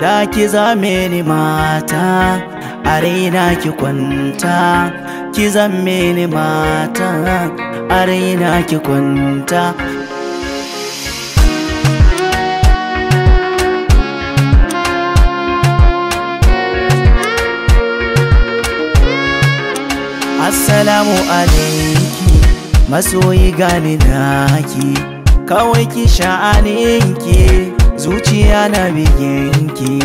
da ki zame ni mata a raina ki kwanta ki zame ni mata a raina ki kwanta Assalamu alaiki masoyi gani naki kawai ki sha'aninki zuciya na biginki.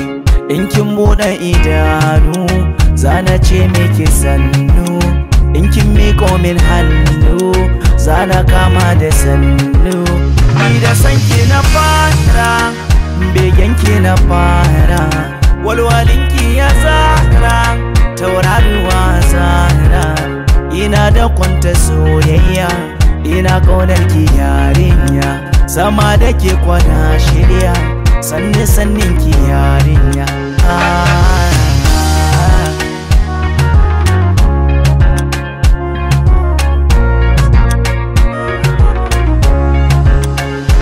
in kin buɗe idanu zana ce miki sannu in kin miko min hannu zana kama da sannu ni da sanki na fara begenki na fara walwalinki ya zara tauraruwa zara ina da kwanta soyayya ina ƙaunar ki yarinya sama da ke kwana shirya sanne sannin ki yarinya ah, ah,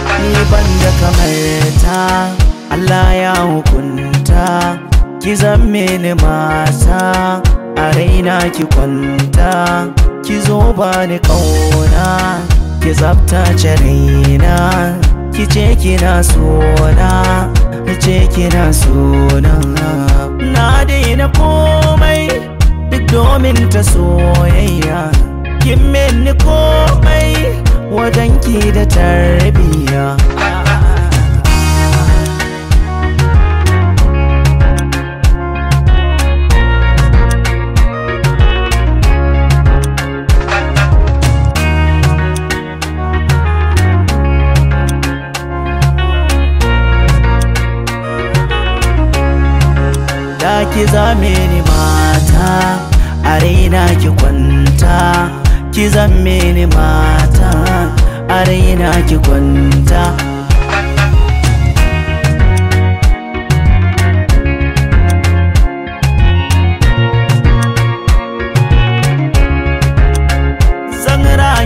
ah. ni banda kamar ta Allah ya hukunta ki zamme ni mata a raina ki kwanta ki zo ba ni ki zabta raina ki ce kina sona ce kina sona na daina komai duk domin ta soyayya kin mini komai wajen ki da tarbiyya ki zame ni mata a raina ki kwanta ki zame ni mata a raina ki kwanta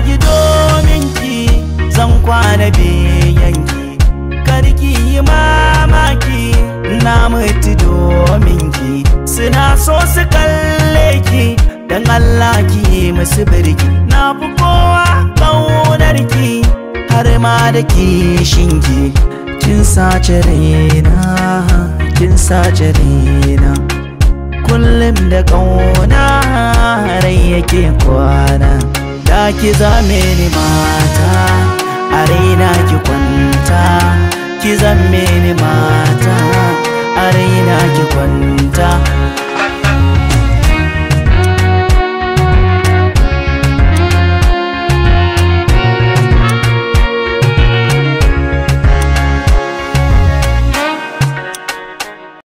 yi dominki zan kwana biyanki karki yi mamaki na mutu domin Allah ki masu birki na fi kowa ƙaunar ki har ma da kishin shinge. kin sace raina kin sace raina kullum da ƙauna rai yake kwana da ki zame ni mata a raina ki kwanta ki zame ni mata a raina ki kwanta